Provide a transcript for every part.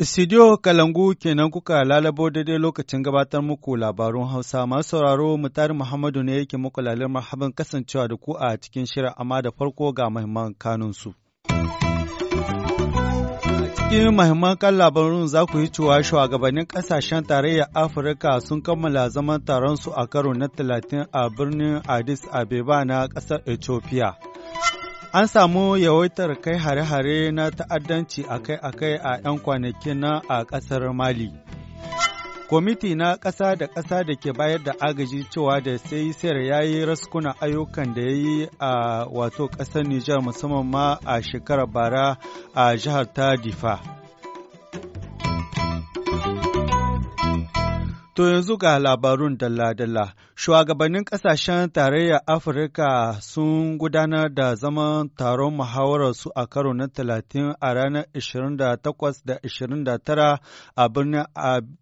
Sidiyo Kalangu. ke nan kenan kuka lalabo daidai lokacin gabatar muku labarun Hausa masu sauraro mutari Muhammadu ne yake muku lalar marhaban kasancewa da ku a cikin shirin amma da farko ga mahimman kanunsu. cikin mahimman kan labarun za ku yi cewa shugabannin kasashen tarayyar Afirka sun kammala zaman taron su a karo na 30 a birnin Addis Abeba na ƙasar Ethiopia. An samu yawaitar kai hare-hare na ta'addanci akai-akai a 'yan kwanakin na a ƙasar Mali. Kwamiti na ƙasa da ƙasa da ke bayar da agaji cewa da sai sayar ya yi raskunan ayyukan da ya yi a wato ƙasar Nijar musamman ma a shekarar bara a jihar ta Difa. To yanzu ga labarun dalla-dalla. Shugabannin ƙasashen tarayyar Afirka sun gudanar da zaman taron muhawararsu a karo na talatin a ranar 28 da 29 a birnin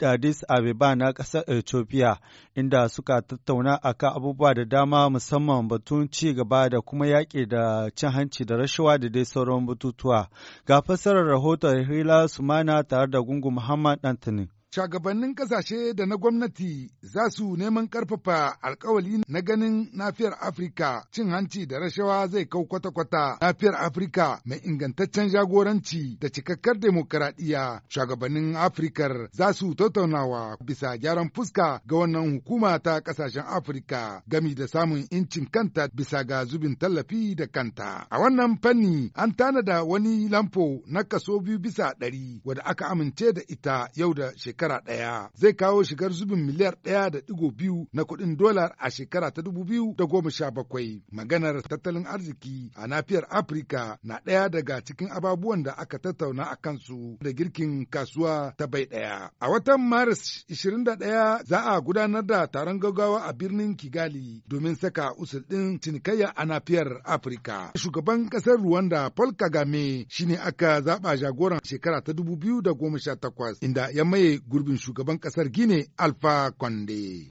Addis Abeba na ƙasar Ethiopia, inda suka tattauna a kan abubuwa da dama musamman batun ci gaba da kuma yaƙi da cin hanci da rashawa da dai sauran bututuwa, Ga fassarar rahoton Hila Sumana tare da Gungu Muhammad Anthony. Shagabannin ƙasashe da na gwamnati za su neman ƙarfafa alkawali na ganin nafiyar Afirka cin hanci da rashawa zai kau kwata-kwata nafiyar Afirka mai ingantaccen jagoranci da cikakkar demokaradiyya. Shagabannin Afirkar za su tattaunawa bisa gyaran fuska ga wannan hukuma ta ƙasashen Afirka gami da samun incin kanta bisa ga zubin tallafi da kanta. A wannan fanni an tanada wani lamfo na kaso biyu bisa ɗari wadda aka amince da ita yau da shekara. shekara ɗaya zai kawo shigar zubin miliyar ɗaya da ɗigo biyu na kuɗin dolar a shekara ta dubu biyu da goma sha bakwai. Maganar tattalin arziki a nafiyar Afirka na ɗaya daga cikin ababuwan da aka tattauna a kansu da girkin kasuwa ta bai ɗaya. A watan Maris 21 za a gudanar da taron gaggawa a birnin Kigali domin saka usul ɗin cinikayya a nafiyar Afirka. Shugaban ƙasar Rwanda Paul Kagame shine aka zaɓa jagoran shekara ta dubu biyu da goma sha takwas inda ya maye gurbin shugaban ƙasar Gine Alfa Conde.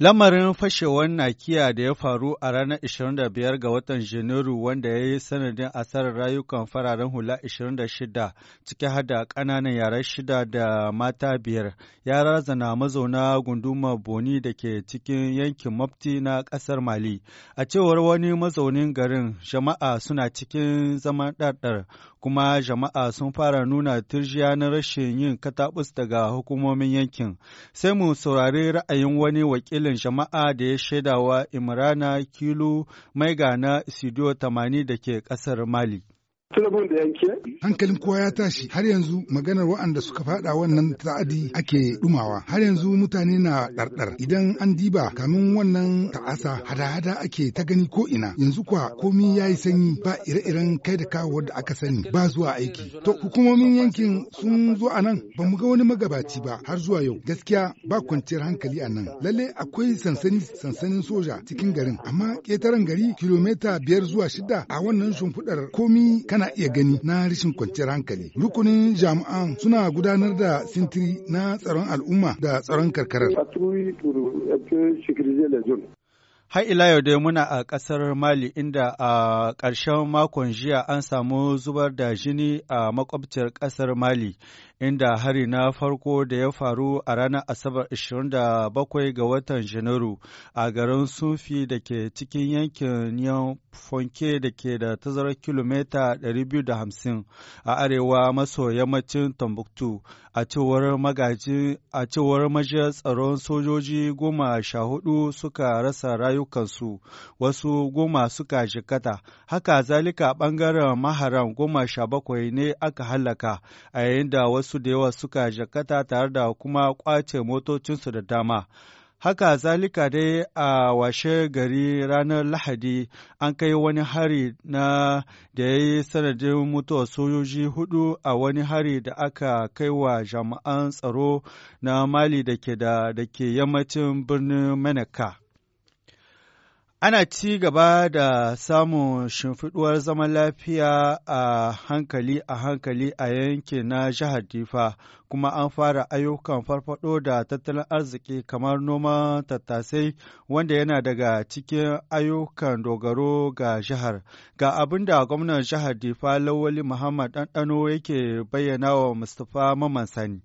Lamarin fashewar nakiya da ya faru a ranar 25 ga watan Janairu wanda ya yi sanadin asarar rayukan fararen hula 26 ciki hada ƙananan yara shida da mata biyar ya razana mazauna gunduma Boni da ke cikin yankin mafti na ƙasar Mali. A cewar wani mazaunin garin, jama'a suna cikin zaman ɗarɗar kuma jama'a sun fara nuna turjiya na rashin yin daga hukumomin yankin. Sai mu saurari ra'ayin wani wakilin dalilin jama'a da ya shaidawa Imrana Kilo mai na Isidiyo 80 da ke ƙasar Mali. Hankalin kowa ya tashi har yanzu maganar waɗanda suka faɗa wannan ta'adi ake dumawa. Har yanzu mutane na ɗarɗar idan an diba kamin wannan ta'asa hada-hada ake ta gani ko ina. Yanzu kwa komi ya yi sanyi ba ire-iren kai da kawo da aka sani ba zuwa aiki. To hukumomin yankin sun zo a nan ba mu ga wani magabaci ba har zuwa yau. Gaskiya ba kwanciyar hankali a nan. Lalle akwai sansani sansanin soja cikin garin amma ƙetaren gari kilomita biyar zuwa shida a wannan shimfiɗar komi kana iya gani na rashin kwanciyar hankali. Rukunin jami'an suna gudanar da sintiri na tsaron al'umma da tsaron karkarar. Har ila yau dai muna a ƙasar Mali inda a ƙarshen makon jiya an samu zubar da jini a makwabciyar ƙasar Mali inda hari na farko da ya faru a ranar Asabar 27 ga watan Janairu a garin Sufi da ke cikin yankin Nyon Fonke da ke da tazarar kilomita 250 a arewa maso yammacin Tambuktu a cewar magaji majiyar tsaron sojoji goma sha hudu suka rasa rayukansu wasu goma suka jikata haka zalika bangaren maharan goma sha bakwai ne aka hallaka a yayin da wasu su da yawa suka jakata tare da kuma kwace motocinsu da dama. Haka zalika dai a washe gari ranar Lahadi an kai wani hari na da ya yi sanadin mutuwar sojoji hudu a wani hari da aka kai wa jami'an tsaro na Mali da ke yammacin birnin Manaka. Ana ci gaba da samun shimfiduwar zaman lafiya a hankali a hankali a yankin na jihar Difa, kuma an fara ayyukan farfaɗo da tattalin arziki kamar noman tattasai wanda yana daga cikin ayyukan dogaro ga jihar. Ga abin da gwamnan jihar Difa Lawali Muhammad ɗanɗano yake bayyana wa Mustapha Maman Sani.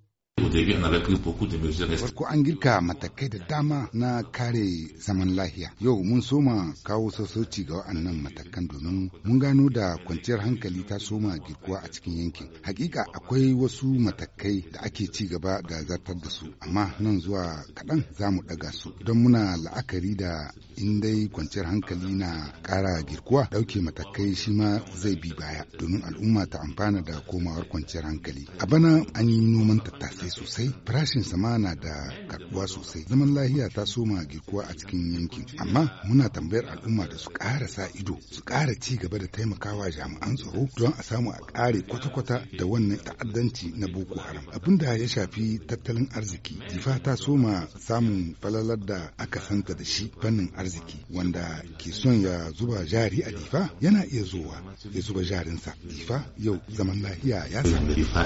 Farko an girka matakai da dama na kare zaman lahiya. Yau mun soma kawo sosoci ga wa'annan matakan domin mun gano da kwanciyar hankali ta soma girkuwa a cikin yankin. Hakika akwai wasu matakai da ake ci gaba da zartar da su, amma nan zuwa kaɗan za mu ɗaga su. Don muna la'akari da in dai kwanciyar hankali na ƙara girkuwa ɗauke matakai shi ma zai bi baya domin al'umma ta amfana da komawar kwanciyar hankali. A bana an yi noman tattasai. sosai sosai farashin sama na da karbuwa sosai zaman lahiya ta soma girkuwa a cikin yankin amma muna tambayar al'umma da su ƙara sa ido su ƙara ci gaba da taimakawa jami'an tsaro don a samu a ƙare kwata-kwata da wannan ta'addanci na boko haram abin da ya shafi tattalin arziki jifa ta soma samun falalar da aka santa da shi fannin arziki wanda ke son ya zuba jari a difa yana iya zuwa ya zuba jarinsa difa yau zaman lahiya ya samu difa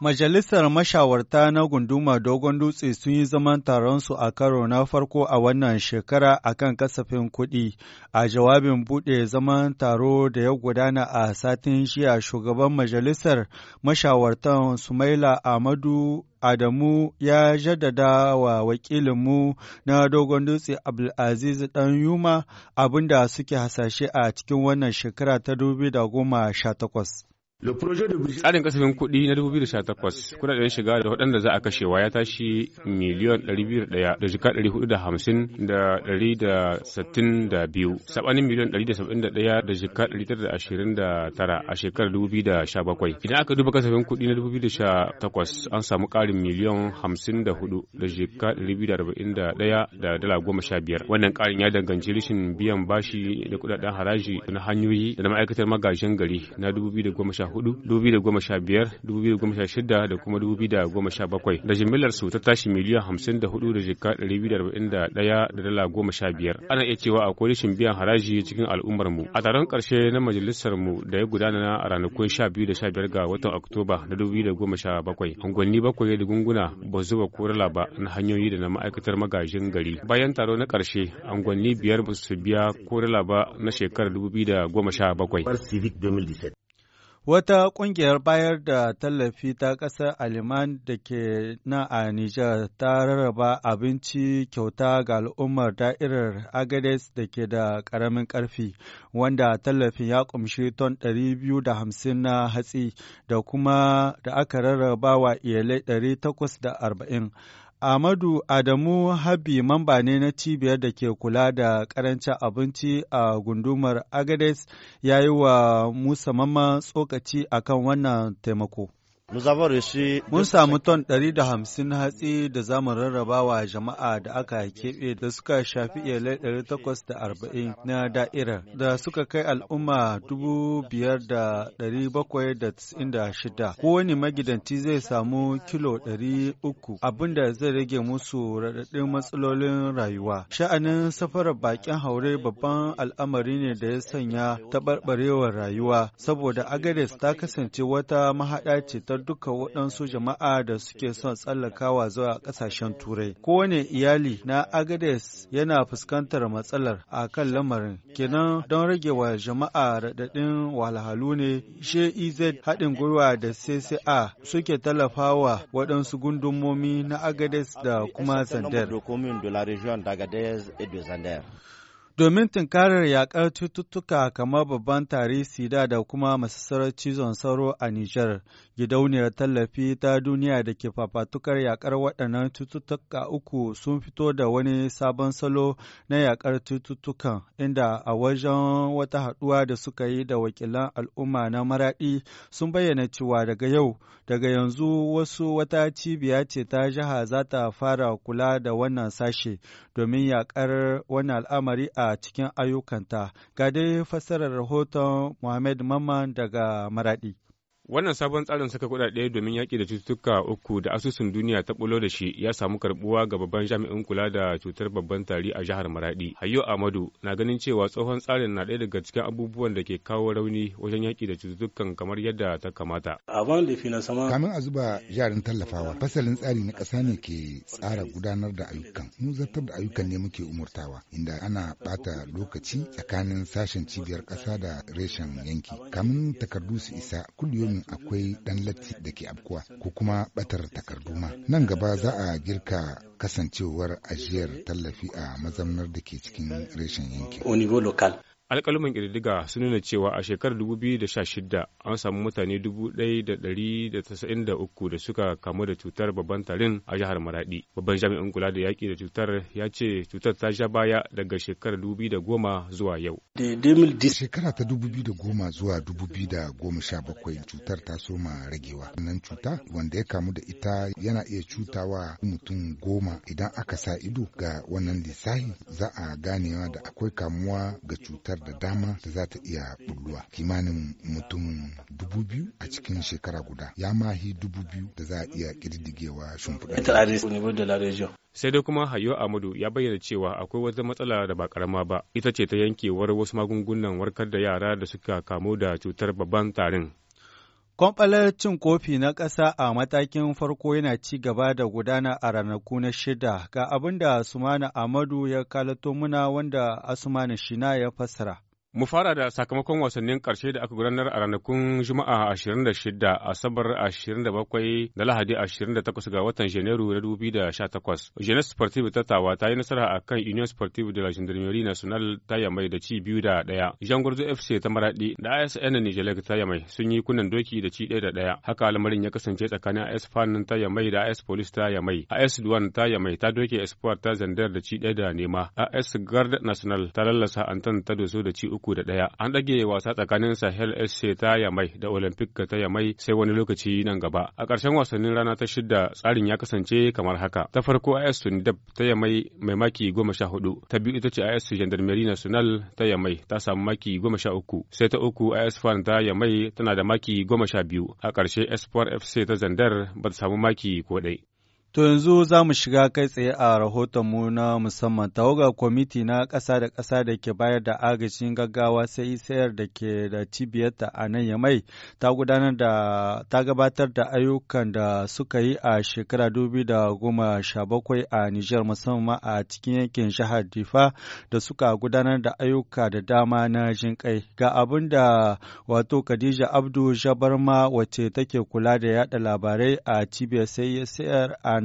Majalisar mashawarta na gunduma Dogon Dutse sun yi zaman taronsu a karo na farko a wannan shekara a kan kasafin kuɗi. A jawabin buɗe zaman taro da ya gudana a satin jiya shugaban majalisar mashawartan Sumaila Ahmadu Adamu ya jaddada wa wakilinmu na Dogon Dutse Abdulaziz Dan Yuma abinda suke hasashe a cikin wannan shekara ta 2018. Tsarin kasafin kuɗi na 2018 kudaden shiga da waɗanda za a kashewa ya tashi miliyan 201 da jika 450 da 162 sabanin miliyan 171 da jika 929 a shekarar 2017. Idan aka duba kasafin kuɗi na 2018 an samu ƙarin miliyan 54 da jika 241 da dala goma sha biyar. Wannan ƙarin ya danganci rashin biyan bashi da kudaden haraji na hanyoyi da na ma'aikatar magajin gari na 2014. 2015, da kuma 2017 da jimillar su ta tashi miliyan 54 da jika 241 da dala 15. Ana iya cewa akwai rashin biyan haraji cikin al'ummar mu. A taron karshe na majalisar mu da ya gudana a ranakun 12 da 15 ga watan Oktoba na 2017, sha bakwai da gunguna ba zuba korala ba na hanyoyi da na ma'aikatar magajin gari. Bayan taro na karshe, unguwanni biyar ba su biya korala ba na shekarar 2017. Wata ƙungiyar bayar da tallafi ta ƙasar Aliman da ke na a Nijar ta rarraba abinci kyauta ga al'ummar da'irar Agades da ke da ƙaramin ƙarfi, wanda tallafin ya ƙumshi ton 250 na hatsi da kuma da aka rarraba wa iyalai 840. Amadu Adamu Habi mamba ne na cibiyar da ke kula da karancin abinci a gundumar Agades ya yi wa Musa Mamman tsokaci akan wannan taimako. Mun samu ton 150 hatsi da za mu rarraba wa jama'a da aka keɓe da suka shafi iyalai 840 na da'irar da suka kai al'umma 5,796. Kowane magidanci zai samu kilo 300 abinda zai rage musu raɗaɗin matsalolin rayuwa. Sha'anin safarar bakin haure babban al'amari ne da ya sanya taɓarɓarewar rayuwa saboda Agades ta kasance wata mahaɗa ce ta duka waɗansu jama'a da suke son tsallakawa zuwa ƙasashen turai kowane iyali na agades yana fuskantar matsalar a kan lamarin kenan don rage wa jama'a raɗaɗin walhalu ne she haɗin gwiwa da cca suke tallafawa waɗansu gundumomi na agades da kuma Zander. domin tunkarar yakar cututtuka kamar babban tari sida da kuma masassarar cizon sauro a Nijar. Gidauniyar tallafi ta duniya da ke fafatukar yakar waɗannan cututtuka uku sun fito da wani sabon salo na yakar cututtukan inda a wajen wata haɗuwa da suka yi da wakilan al'umma na maraɗi sun bayyana cewa daga yau daga yanzu wasu wata cibiya ce ta jiha za ta fara kula da wannan sashe domin yakar wannan al'amari a a cikin ayyukanta. Ga dai fassarar rahoton Muhammad Mamman daga Maradi. Wannan sabon tsarin saka kuɗaɗe domin yaƙi da cututtuka uku da asusun duniya ta ɓulo da shi ya samu karbuwa ga babban jami'in kula da cutar babban tari a jihar maraɗi Hayyo amadu na ganin cewa tsohon tsarin na ɗaya daga cikin abubuwan da ke kawo rauni wajen yaƙi da cututtukan kamar yadda ta kamata. Kamin a zuba jarin tallafawa, fasalin tsari na ƙasa ne ke tsara gudanar da ayyukan. Mu zartar da ayyukan ne muke umurtawa, inda ana ɓata lokaci tsakanin sashen cibiyar ƙasa da reshen yanki. Kamin takardu su isa, kulliyoyin akwai ɗan latti da ke afkuwa ko kuma batar takardu ma. Nan gaba za a girka kasancewar ajiyar tallafi a mazaunar da ke cikin reshen yankin. alƙalumin ƙididdiga sun nuna cewa a shekarar 2016 an samu mutane 1,193 da suka kamu da cutar babban tarin a jihar Maradi. Babban jami'in kula da yaƙi da cutar ya ce cutar ta sha baya daga shekarar 2010 zuwa yau. Shekara ta 2010 zuwa 2017 cutar ta soma ragewa. Wannan cuta wanda ya kamu da ita yana iya cutawa mutum goma idan aka sa ido ga wannan lissahi za a ganewa da akwai kamuwa ga cutar da dama da za ta iya bulluwa kimanin mutum dubu biyu a cikin shekara guda ya mahi dubu biyu da za a iya ƙididdigewa shimfiɗa. sai dai kuma hayo amadu ya bayyana cewa akwai wata matsala da ba karama ba ita ce ta yankewar wasu magungunan warkar da yara da suka kamu da cutar babban tarin Kwamfalar cin kofi na ƙasa a matakin farko yana ci gaba da gudana a ranaku na shida ga abin da Asumana Amadu ya kalato muna wanda Asumana Shina ya fassara. Mu fara da sakamakon wasannin ƙarshe da aka gudanar a ranakun Juma'a 26, Asabar 27 da Lahadi 28 ga watan Janairu na 2018. Jeunesse Sportive ta tawa ta yi nasara a kan Union Sportive de la Gendarmerie Nationale ta yamai da ci biyu da ɗaya. Jangwarzo FC ta Maraɗi da ASN Nijelek ta yamai sun yi kunan doki da ci ɗaya da ɗaya. Haka lamarin ya kasance tsakanin AS Fan ta yamai da AS Police ta yamai. AS Duwan ta yamai ta doke Espoir ta Zandar da ci ɗaya da nema. AS Gard National ta lallasa Antan ta doso da ci uku uku da ɗaya. An ɗage wasa tsakanin Sahel SC ta Yamai da Olympic ta Yamai sai wani lokaci nan gaba. A ƙarshen wasannin rana ta shida tsarin ya kasance kamar haka. Ta farko AS Tundab ta Yamai mai maki goma sha hudu. Ta biyu ita ce AS Gendarmerie National ta Yamai ta samu maki goma sha uku. Sai ta uku AS Fan ta Yamai tana da maki goma sha biyu. A ƙarshe sport FC ta Zandar ba ta samu maki ko ɗai. To yanzu za mu shiga kai tsaye a rahotonmu na musamman tawaga kwamiti na ƙasa da ƙasa da ke bayar da agajin gaggawa sai isayar da ke da cibiyarta a nan yamai ta gudanar da ta gabatar da ayyukan da suka yi a shekara dubi da goma sha bakwai a Nijar musamman a cikin yankin jihar Difa da suka gudanar da ayyuka da dama na jinƙai. Ga abin da wato Khadija Abdu Jabarma wacce take kula da yada labarai a cibiyar sai sayar a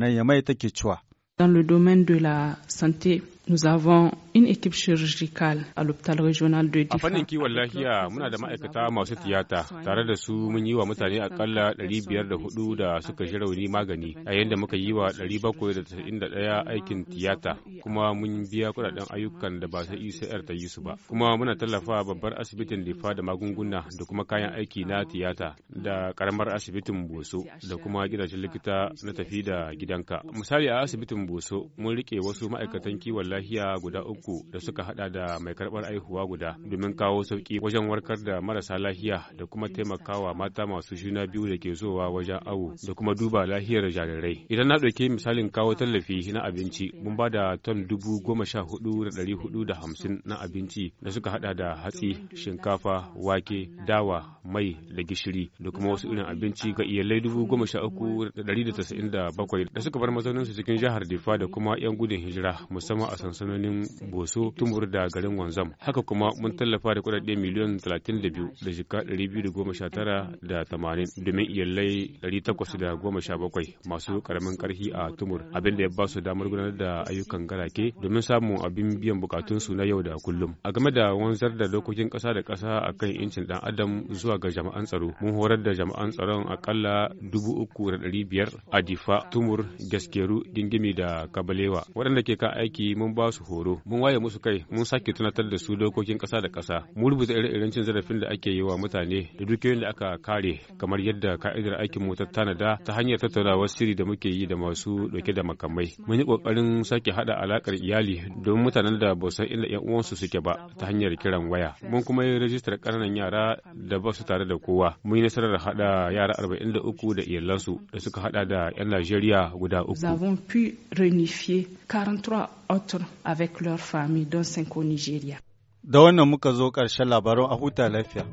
Dans le domaine de la santé, Nous avons une équipe chirurgicale à l'hôpital régional de Difa. A fannin kiwon lafiya muna da ma'aikata masu tiyata tare da su mun yi wa mutane akalla 504 da suka ji rauni magani yayin da muka yi wa 791 aikin tiyata kuma mun biya kudaden ayyukan da ba sai ICR ta yi su ba. Kuma muna tallafa babbar asibitin Difa da magunguna da kuma kayan aiki na tiyata da karamar asibitin Boso da kuma gidajen likita na tafi da gidanka. Misali a asibitin Boso mun rike wasu ma'aikatan kiwon lafiya lafiya guda uku da suka hada da mai karbar aihuwa guda domin kawo sauki wajen warkar da marasa lafiya da kuma taimakawa mata masu juna biyu da ke zowa wajen awo da kuma duba lafiyar jarirai idan na ɗauki misalin kawo tallafi na abinci mun ba da ton dubu goma sha hudu da ɗari hudu da hamsin na abinci da suka hada da hatsi shinkafa wake dawa mai da gishiri da kuma wasu irin abinci ga iyalai dubu goma sha uku da ɗari da tasa'in da bakwai da suka bar mazauninsu cikin jihar difa da kuma 'yan gudun hijira musamman a sansanonin boso tumur da garin wanzam haka kuma mun tallafa da kudade miliyan 32 da shika 219 da 80 domin iyalai 817 masu karamin karfi a tumur abin da ya ba su damar gudanar da ayyukan garake domin samun abin biyan bukatunsu na yau da kullum a game da wanzar da dokokin kasa da kasa akan incin dan adam zuwa ga jama'an tsaro mun horar da jama'an tsaron akalla 3,500 a difa tumur gaskeru dingimi da kabalewa waɗanda ke kan aiki mun ba su horo mun waye musu kai mun sake tunatar da su dokokin kasa da kasa mun rubuta ire-iren cin zarafin da ake yi wa mutane da dukiyoyin da aka kare kamar yadda ka'idar aikin mu ta tanada ta hanyar tattaunawa sirri da muke yi da masu ɗauke da makamai mun yi kokarin sake haɗa alakar iyali don mutanen da ba san inda ƴan uwansu suke ba ta hanyar kiran waya mun kuma yi rajistar ƙananan yara da ba su tare da kowa mun yi nasarar haɗa yara arba'in da uku da iyalansu da suka haɗa da 'yan Najeriya guda uku. 43 autres avec leur famille, dont 5 au Nigeria. Da wannan muka zo ƙarshen labaran a huta lafiya.